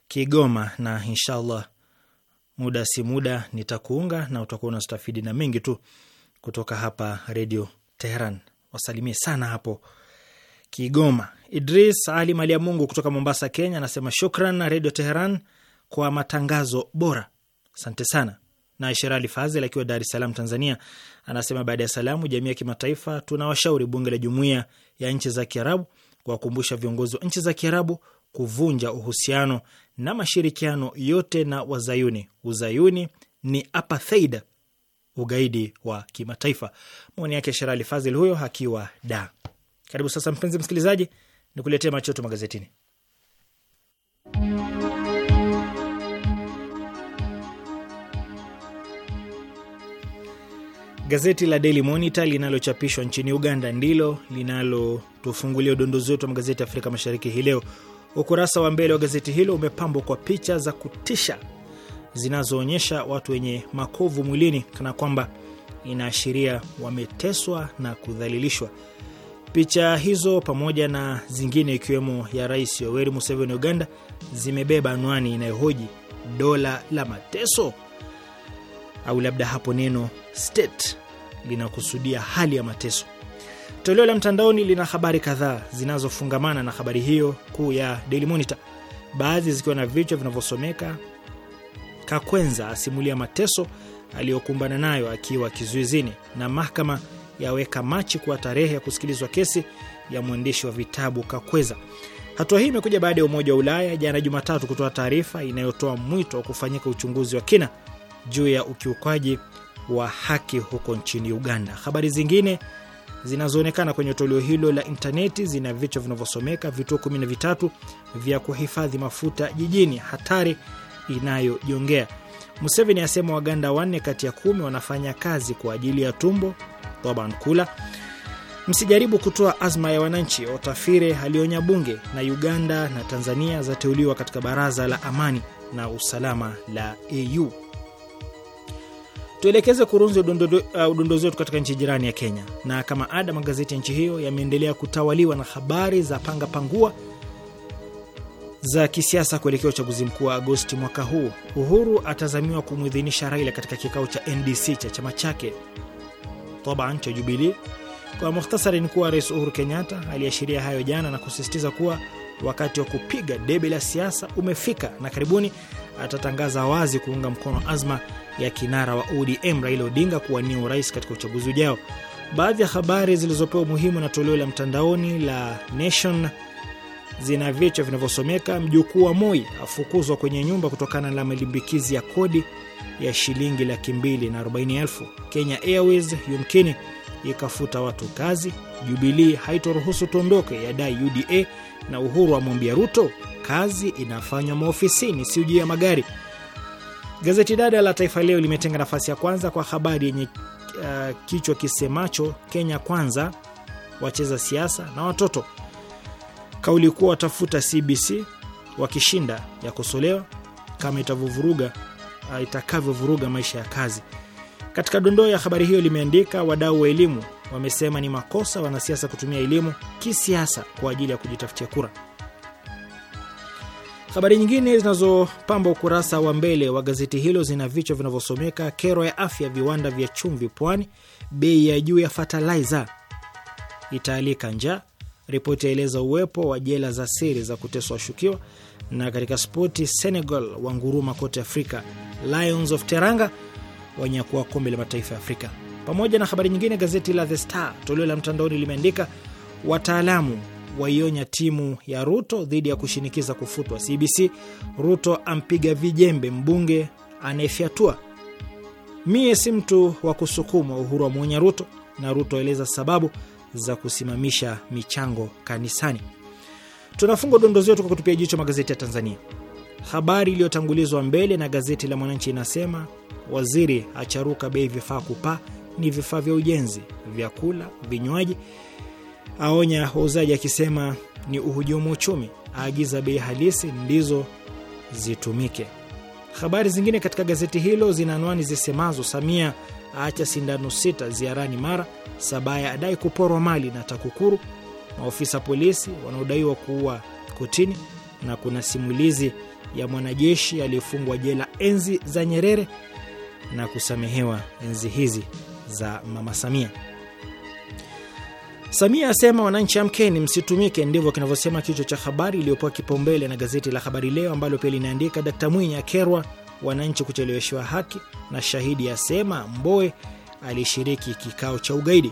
Kigoma, na inshallah muda si muda nitakuunga na utakuwa unastafidi na mengi tu kutoka hapa Redio Teheran. Wasalimie sana hapo Kigoma. Idris Ali Mali ya Mungu kutoka Mombasa, Kenya anasema shukran na Redio Teheran kwa matangazo bora, asante sana. Na Sherali Fazel akiwa Dar es Salaam, Tanzania anasema baada ya salamu, jamii ya kimataifa, tunawashauri bunge la Jumuiya ya Nchi za Kiarabu kuwakumbusha viongozi wa nchi za Kiarabu kuvunja uhusiano na mashirikiano yote na Wazayuni. Uzayuni ni apartheid, ugaidi wa kimataifa. Maoni yake Sherali Fazel huyo akiwa Da. Karibu sasa, mpenzi msikilizaji Nikuletee macho yetu magazetini. Gazeti la Daily Monitor linalochapishwa nchini Uganda ndilo linalotufungulia udondozi wetu wa magazeti ya Afrika Mashariki hii leo. Ukurasa wa mbele wa gazeti hilo umepambwa kwa picha za kutisha zinazoonyesha watu wenye makovu mwilini, kana kwamba inaashiria wameteswa na kudhalilishwa. Picha hizo pamoja na zingine ikiwemo ya Rais Yoweri Museveni Uganda zimebeba anwani inayohoji dola la mateso, au labda hapo neno state linakusudia hali ya mateso. Toleo la mtandaoni lina habari kadhaa zinazofungamana na habari hiyo kuu ya Daily Monitor, baadhi zikiwa na vichwa vinavyosomeka Kakwenza asimulia mateso aliyokumbana nayo akiwa kizuizini, na mahakama yaweka Machi kuwa tarehe ya kusikilizwa kesi ya mwandishi wa vitabu Kakweza. Hatua hii imekuja baada ya Umoja wa Ulaya jana Jumatatu kutoa taarifa inayotoa mwito wa kufanyika uchunguzi wa kina juu ya ukiukwaji wa haki huko nchini Uganda. Habari zingine zinazoonekana kwenye toleo hilo la intaneti zina vichwa vinavyosomeka: vituo kumi na vitatu vya kuhifadhi mafuta jijini, hatari inayojongea; Museveni asema Waganda wanne kati ya kumi wanafanya kazi kwa ajili ya tumbo; Taban Kula, msijaribu kutoa azma ya wananchi watafire, alionya bunge, na Uganda na Tanzania zateuliwa katika baraza la amani na usalama la AU. Tuelekeze kurunzi uh, udondozi wetu katika nchi jirani ya Kenya, na kama ada, magazeti ya nchi hiyo yameendelea kutawaliwa na habari za panga pangua za kisiasa kuelekea uchaguzi mkuu wa Agosti mwaka huu. Uhuru atazamiwa kumwidhinisha Raila katika kikao cha NDC cha chama chake taban cha Jubilee. Kwa mukhtasari, ni kuwa Rais Uhuru Kenyatta aliashiria hayo jana na kusisitiza kuwa wakati wa kupiga debe la siasa umefika na karibuni atatangaza wazi kuunga mkono azma ya kinara wa ODM Raila Odinga kuwania urais katika uchaguzi ujao. Baadhi ya habari zilizopewa umuhimu na toleo la mtandaoni la Nation zina vichwa vinavyosomeka: mjukuu wa Moi afukuzwa kwenye nyumba kutokana na malimbikizi ya kodi ya shilingi laki mbili na arobaini elfu. Kenya Airways yumkini ikafuta watu kazi. Jubilii haitoruhusu tuondoke, yadai UDA, na Uhuru amwambia Ruto kazi inafanywa maofisini, si juu ya magari. Gazeti dada la Taifa Leo limetenga nafasi ya kwanza kwa habari yenye uh, kichwa kisemacho Kenya Kwanza, wacheza siasa na watoto. Kauli kuwa watafuta CBC wakishinda ya kosolewa kama itavuvuruga Uh, itakavyovuruga maisha ya kazi. Katika dondoo ya habari hiyo limeandika, wadau wa elimu wamesema ni makosa wanasiasa kutumia elimu kisiasa kwa ajili ya kujitafutia kura. Habari nyingine zinazopamba ukurasa wa mbele wa gazeti hilo zina vichwa vinavyosomeka kero ya afya viwanda vya chumvi Pwani, bei ya juu ya fataliza itaalika njaa, ripoti yaeleza uwepo wa jela za siri za kuteswa washukiwa, na katika spoti Senegal wanguruma kote Afrika Lions of Teranga wanyakuwa kombe la mataifa ya Afrika. Pamoja na habari nyingine, gazeti la The Star toleo la mtandaoni limeandika wataalamu waionya timu ya Ruto dhidi ya kushinikiza kufutwa CBC. Ruto ampiga vijembe mbunge anayefyatua. Mie si mtu wa kusukumwa, Uhuru wa Ruto. Na Ruto aeleza sababu za kusimamisha michango kanisani. Tunafunga dondoo zetu kwa kutupia jicho magazeti ya Tanzania. Habari iliyotangulizwa mbele na gazeti la Mwananchi inasema waziri acharuka bei vifaa kupaa, ni vifaa vya ujenzi, vyakula, vinywaji, aonya wauzaji akisema ni uhujumu uchumi, aagiza bei halisi ndizo zitumike. Habari zingine katika gazeti hilo zina anwani zisemazo: Samia aacha sindano sita ziarani Mara, Sabaya adai kuporwa mali na TAKUKURU, maofisa polisi wanaodaiwa kuua kotini, na kuna simulizi ya mwanajeshi aliyefungwa jela enzi za Nyerere na kusamehewa enzi hizi za Mama Samia. Samia asema wananchi, amkeni, msitumike. Ndivyo kinavyosema kichwa cha habari iliyopewa kipaumbele na gazeti la Habari Leo, ambalo pia linaandika Dkt Mwinyi akerwa wananchi kucheleweshwa haki, na shahidi asema mboe alishiriki kikao cha ugaidi.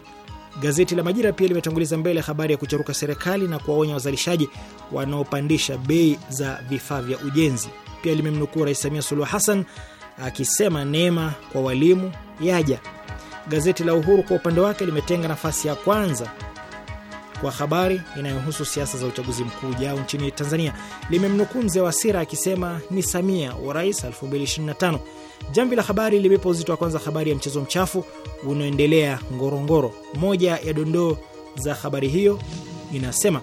Gazeti la Majira pia limetanguliza mbele habari ya kucharuka serikali na kuwaonya wazalishaji wanaopandisha bei za vifaa vya ujenzi. Pia limemnukuu Rais Samia Suluhu Hassan akisema neema kwa walimu yaja. Gazeti la Uhuru kwa upande wake limetenga nafasi ya kwanza kwa habari inayohusu siasa za uchaguzi mkuu ujao nchini Tanzania. Limemnukuu mzee wa Sira akisema ni Samia wa rais 2025 jambi la Habari limeipa uzito wa kwanza habari ya mchezo mchafu unaoendelea Ngorongoro. Moja ya dondoo za habari hiyo inasema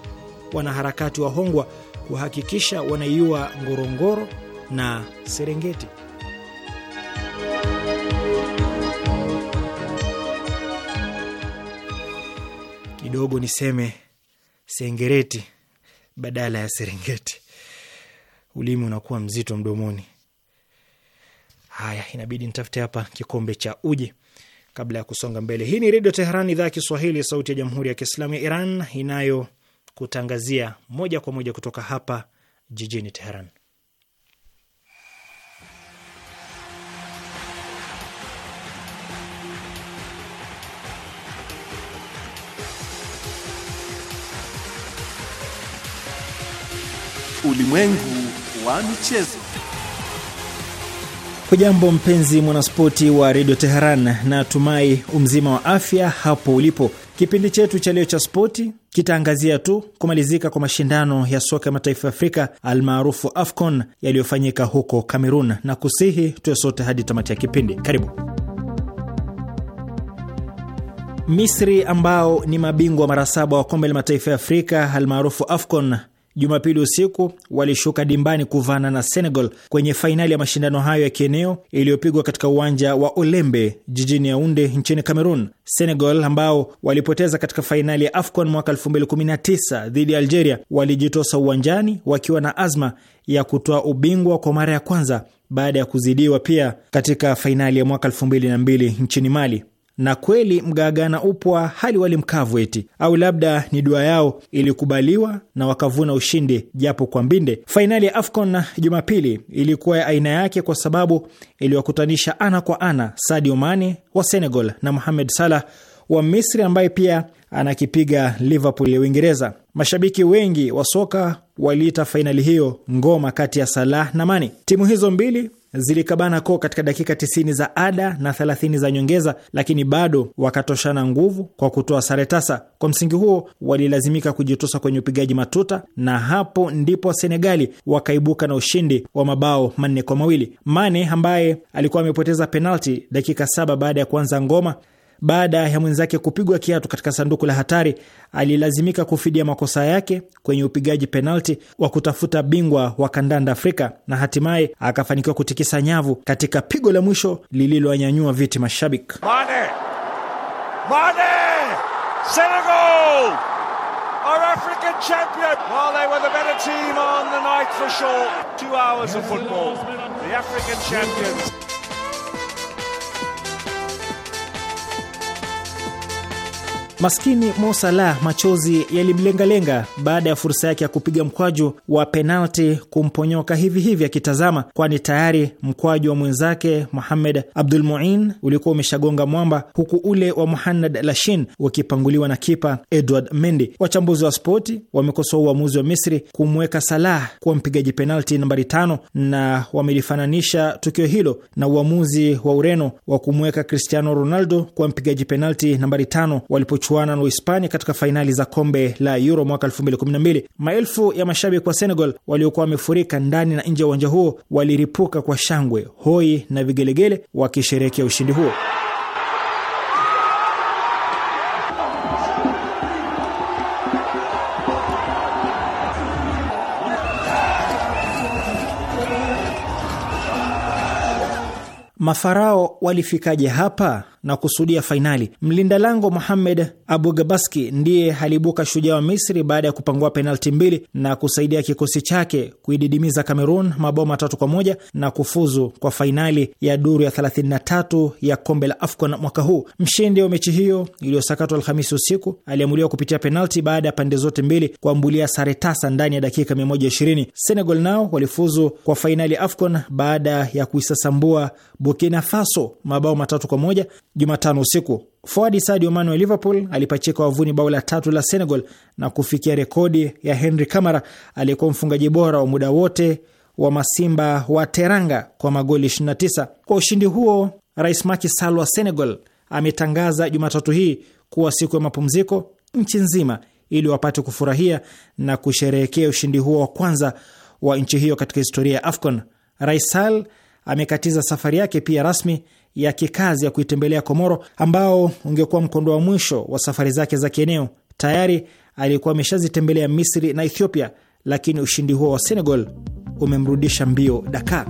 wanaharakati wa hongwa kuhakikisha wanaiua Ngorongoro na Serengeti. Kidogo niseme Sengereti badala ya Serengeti, ulimi unakuwa mzito mdomoni. Haya, inabidi nitafute hapa kikombe cha uji kabla ya kusonga mbele. Hii ni Redio Teheran, idhaa ya Kiswahili, sauti ya Jamhuri ya Kiislamu ya Iran inayokutangazia moja kwa moja kutoka hapa jijini Teheran. Ulimwengu wa michezo. Hujambo mpenzi mwanaspoti wa redio Teheran, na tumai umzima wa afya hapo ulipo. Kipindi chetu cha leo cha spoti kitaangazia tu kumalizika kwa mashindano ya soka ya mataifa ya Afrika almaarufu AFCON yaliyofanyika huko Kamerun, na kusihi tuwe sote hadi tamati ya kipindi. Karibu. Misri ambao ni mabingwa mara saba wa kombe la mataifa ya Afrika almaarufu AFCON Jumapili usiku walishuka dimbani kuvana na Senegal kwenye fainali ya mashindano hayo ya kieneo iliyopigwa katika uwanja wa Olembe jijini Yaunde nchini Cameroon. Senegal ambao walipoteza katika fainali ya AFCON mwaka 2019 dhidi ya Algeria walijitosa uwanjani wakiwa na azma ya kutoa ubingwa kwa mara ya kwanza baada ya kuzidiwa pia katika fainali ya mwaka 2002 nchini Mali na kweli mgaagana upwa hali wali mkavu eti, au labda ni dua yao ilikubaliwa na wakavuna ushindi japo kwa mbinde. Fainali ya AFCON Jumapili ilikuwa ya aina yake kwa sababu iliwakutanisha ana kwa ana Sadio Mane wa Senegal na Mohamed Salah wa Misri ambaye pia anakipiga Liverpool ya Uingereza. Mashabiki wengi wa soka waliita fainali hiyo ngoma kati ya Salah na Mane. Timu hizo mbili zilikabana koo katika dakika 90 za ada na 30 za nyongeza, lakini bado wakatoshana nguvu kwa kutoa sare tasa. Kwa msingi huo walilazimika kujitosa kwenye upigaji matuta, na hapo ndipo Senegali wakaibuka na ushindi wa mabao manne kwa mawili. Mane ambaye alikuwa amepoteza penalti dakika saba baada ya kuanza ngoma baada ya mwenzake kupigwa kiatu katika sanduku la hatari, alilazimika kufidia makosa yake kwenye upigaji penalti wa kutafuta bingwa wa kandanda Afrika, na hatimaye akafanikiwa kutikisa nyavu katika pigo la mwisho lililoanyanyua viti mashabiki. Mane! Mane! Senegal Well, sure. Maskini Mo Salah machozi yalimlengalenga baada ya fursa yake ya kupiga mkwaju wa penalti kumponyoka hivi hivi akitazama, kwani tayari mkwaju wa mwenzake Muhamed Abdul Muin ulikuwa umeshagonga mwamba, huku ule wa Muhanad Lashin ukipanguliwa na kipa Edward Mendi. Wachambuzi wa spoti wamekosoa uamuzi wa Misri kumweka Salah kuwa mpigaji penalti nambari tano na wamelifananisha tukio hilo na uamuzi wa Ureno wa kumweka Cristiano Ronaldo kuwa mpigaji penalti nambari tano walipochua kuchuana na Uhispania katika fainali za kombe la Euro mwaka 2012. Maelfu ya mashabiki wa Senegal waliokuwa wamefurika ndani na nje ya uwanja huo waliripuka kwa shangwe, hoi na vigelegele wakisherehekea ushindi huo. Mafarao walifikaje hapa? na kusudia fainali. Mlinda lango Mohamed Abugabaski ndiye aliibuka shujaa wa Misri baada ya kupangua penalti mbili na kusaidia kikosi chake kuididimiza Cameroon mabao matatu kwa moja na kufuzu kwa fainali ya duru ya 33 ya kombe la AFCON mwaka huu. Mshindi wa mechi hiyo iliyosakatwa Alhamisi usiku aliamuliwa kupitia penalti baada ya pande zote mbili kuambulia sare tasa ndani ya dakika 120. Senegal nao walifuzu kwa fainali ya AFCON baada ya kuisasambua Burkina Faso mabao matatu kwa moja Jumatano usiku. Forward Sadio Mane wa Liverpool alipachika wavuni bao la tatu la Senegal na kufikia rekodi ya Henry Camara aliyekuwa mfungaji bora wa muda wote wa Masimba wa Teranga kwa magoli 29. Kwa ushindi huo, Rais Macky Sall wa Senegal ametangaza Jumatatu hii kuwa siku ya mapumziko nchi nzima ili wapate kufurahia na kusherehekea ushindi huo wa kwanza wa nchi hiyo katika historia ya AFCON. Rais Sall amekatiza safari yake pia rasmi ya kikazi ya kuitembelea Komoro, ambao ungekuwa mkondo wa mwisho wa safari zake za kieneo. Tayari alikuwa ameshazitembelea Misri na Ethiopia, lakini ushindi huo wa Senegal umemrudisha mbio Dakar.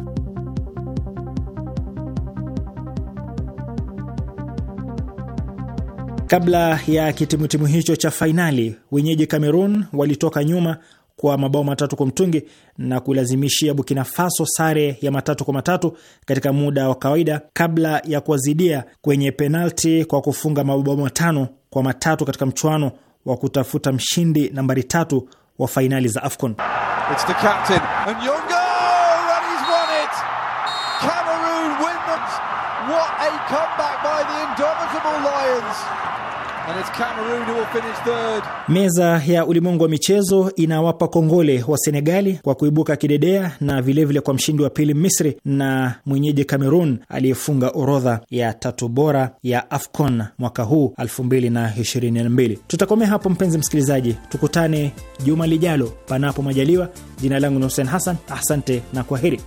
Kabla ya kitimutimu hicho cha fainali, wenyeji Cameroon walitoka nyuma kwa mabao matatu kwa mtungi na kuilazimishia Burkina Faso sare ya matatu kwa matatu katika muda wa kawaida kabla ya kuwazidia kwenye penalti kwa kufunga mabao matano kwa matatu katika mchuano wa kutafuta mshindi nambari tatu wa fainali za AFCON. What a comeback by the indomitable Lions. Meza ya ulimwengu wa michezo inawapa kongole wa Senegali kwa kuibuka kidedea na vilevile vile kwa mshindi wa pili Misri na mwenyeji Cameroon aliyefunga orodha ya tatu bora ya AFCON mwaka huu 2022. Tutakomea hapo mpenzi msikilizaji, tukutane juma lijalo, panapo majaliwa. Jina langu ni Hussein Hassan, asante na kwaheri.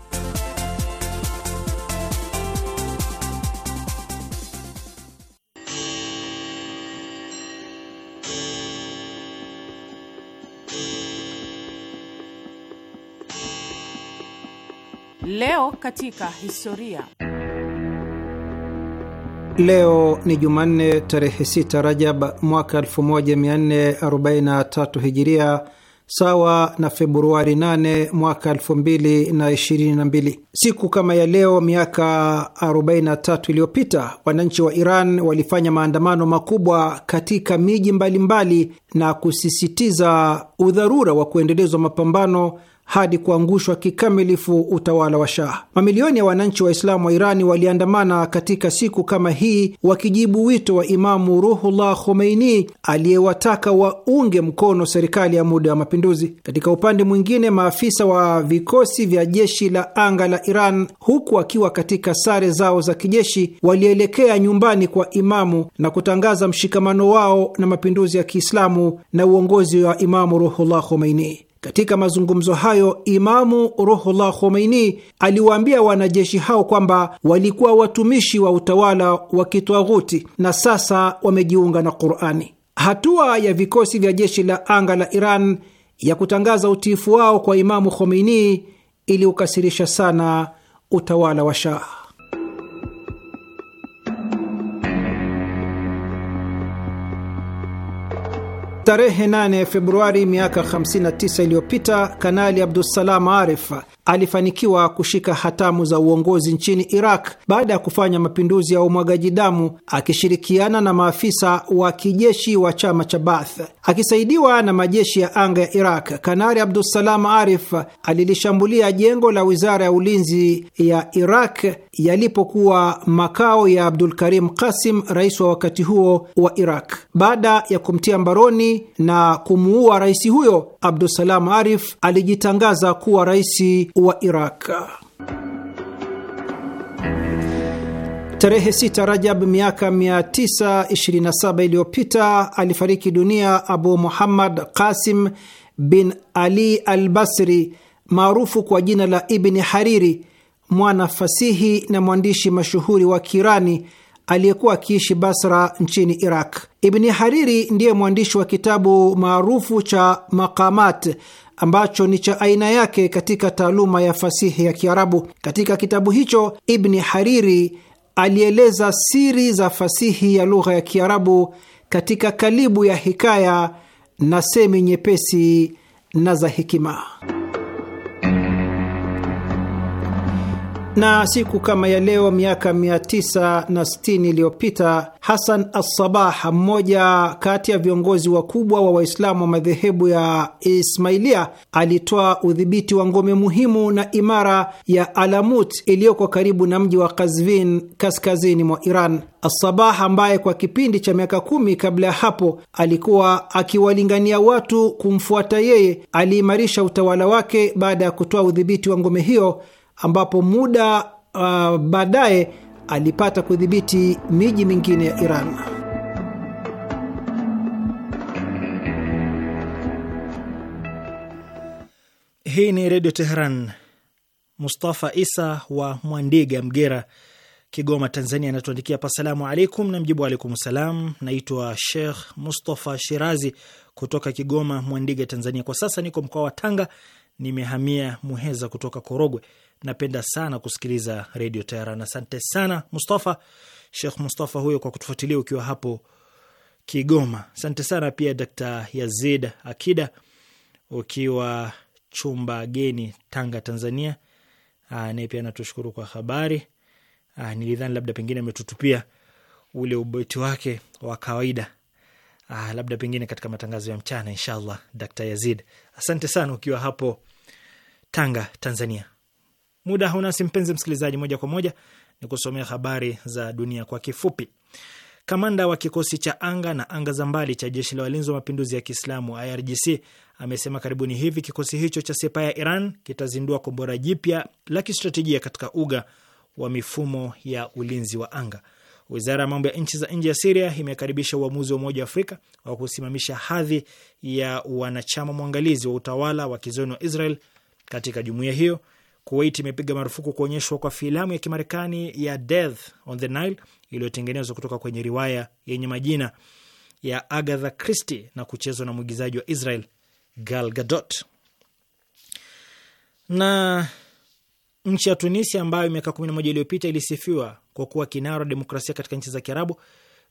Leo katika historia. Leo ni Jumanne tarehe 6 Rajab mwaka 1443 Hijiria, sawa na Februari 8 mwaka 2022. Siku kama ya leo miaka 43 iliyopita wananchi wa Iran walifanya maandamano makubwa katika miji mbalimbali na kusisitiza udharura wa kuendelezwa mapambano hadi kuangushwa kikamilifu utawala wa Shah. Mamilioni ya wananchi wa islamu wa Irani waliandamana katika siku kama hii wakijibu wito wa Imamu Ruhullah Khomeini aliyewataka waunge mkono serikali ya muda wa mapinduzi. Katika upande mwingine, maafisa wa vikosi vya jeshi la anga la Iran, huku wakiwa katika sare zao za kijeshi, walielekea nyumbani kwa Imamu na kutangaza mshikamano wao na mapinduzi ya Kiislamu na uongozi wa Imamu Ruhullah Khomeini. Katika mazungumzo hayo, Imamu Ruhullah Khomeini aliwaambia wanajeshi hao kwamba walikuwa watumishi wa utawala wa kitwaghuti na sasa wamejiunga na Qurani. Hatua ya vikosi vya jeshi la anga la Iran ya kutangaza utiifu wao kwa Imamu Khomeini iliukasirisha sana utawala wa shaha Tarehe 8 Februari miaka 59 iliyopita, Kanali Abdusalam Arif alifanikiwa kushika hatamu za uongozi nchini Iraq baada ya kufanya mapinduzi ya umwagaji damu akishirikiana na maafisa wa kijeshi wa chama cha Baath akisaidiwa na majeshi ya anga ya Iraq. Kanali Abdusalam Arif alilishambulia jengo la wizara ya ulinzi ya Iraq yalipokuwa makao ya Abdul Karim Kasim, rais wa wakati huo wa Iraq, baada ya kumtia mbaroni na kumuua rais huyo, Abdusalam Arif alijitangaza kuwa rais wa Iraq. Tarehe 6 Rajab miaka 927 iliyopita alifariki dunia Abu Muhammad Qasim bin Ali al Basri maarufu kwa jina la Ibni Hariri, mwana fasihi na mwandishi mashuhuri wa Kirani aliyekuwa akiishi Basra nchini Iraq. Ibni Hariri ndiye mwandishi wa kitabu maarufu cha Maqamat ambacho ni cha aina yake katika taaluma ya fasihi ya Kiarabu. Katika kitabu hicho, Ibni Hariri alieleza siri za fasihi ya lugha ya Kiarabu katika kalibu ya hikaya na semi nyepesi na za hikima Na siku kama ya leo miaka 960 iliyopita Hasan Assabah, mmoja kati ya viongozi wakubwa wa Waislamu wa madhehebu ya Ismailia, alitoa udhibiti wa ngome muhimu na imara ya Alamut iliyoko karibu na mji wa Kazvin kaskazini mwa Iran. assabah ambaye kwa kipindi cha miaka kumi kabla ya hapo alikuwa akiwalingania watu kumfuata yeye, aliimarisha utawala wake baada ya kutoa udhibiti wa ngome hiyo ambapo muda uh, baadaye alipata kudhibiti miji mingine ya Iran. Hii ni Redio Teheran. Mustafa Isa wa Mwandiga, Mgera, Kigoma, Tanzania, anatuandikia hapa, salamu alaikum. Na mjibu alaikum salam. Naitwa Shekh Mustafa Shirazi kutoka Kigoma, Mwandiga, Tanzania. Kwa sasa niko mkoa wa Tanga, nimehamia Muheza kutoka Korogwe napenda sana kusikiliza redio Teheran. Asante sana Mustafa, Shekh Mustafa huyo kwa kutufuatilia ukiwa hapo Kigoma. Asante sana pia Dr Yazid Akida ukiwa chumba geni Tanga, Tanzania, ah, naye pia anatushukuru kwa habari. Ah, nilidhani labda pengine ametutupia ule ubeti wake wa kawaida, Aa, ah, labda pengine katika matangazo ya mchana. Inshallah, Dr Yazid, asante sana ukiwa hapo Tanga, Tanzania. Muda haunasi, mpenzi msikilizaji, moja kwa moja ni kusomea habari za dunia kwa kifupi. Kamanda wa kikosi cha anga na anga za mbali cha jeshi la walinzi wa mapinduzi ya Kiislamu IRGC amesema karibuni hivi kikosi hicho cha sepa ya Iran kitazindua kombora jipya la kistratejia katika uga wa mifumo ya ulinzi wa anga. Wizara ya mambo ya nchi za nje ya Siria imekaribisha uamuzi wa Umoja wa Afrika wa kusimamisha hadhi ya wanachama mwangalizi wa utawala wa kizoni wa Israel katika jumuiya hiyo Kuwait imepiga marufuku kuonyeshwa kwa filamu ya Kimarekani ya Death on the Nile iliyotengenezwa kutoka kwenye riwaya yenye majina ya Agatha Christie na kuchezwa na mwigizaji wa Israel Gal Gadot. Na nchi ya Tunisia ambayo miaka moja iliyopita ilisifiwa kwa kuwa kinara demokrasia katika nchi za Kiarabu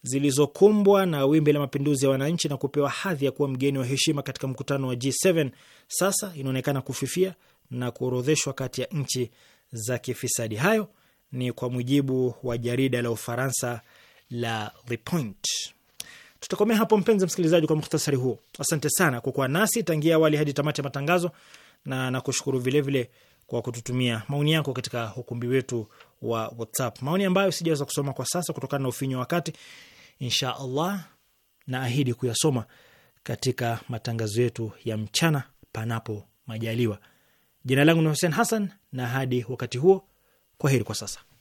zilizokumbwa na wimbi la mapinduzi ya wananchi na kupewa hadhi ya kuwa mgeni wa heshima katika mkutano wa G7 sasa inaonekana kufifia na kuorodheshwa kati ya nchi za kifisadi. Hayo ni kwa mujibu wa jarida la Ufaransa la The Point. Tutakomea hapo mpenzi msikilizaji, kwa mukhtasari huo. Asante sana kwa kuwa nasi tangia awali hadi tamati ya matangazo, na nakushukuru vilevile kwa kututumia maoni yako katika ukumbi wetu wa WhatsApp, maoni ambayo sijaweza kusoma kwa sasa kutokana na ufinyo wa wakati. Insha Allah na ahidi kuyasoma katika matangazo yetu ya mchana, panapo majaliwa. Jina langu ni Hussein Hassan, na hadi wakati huo, kwa heri kwa sasa.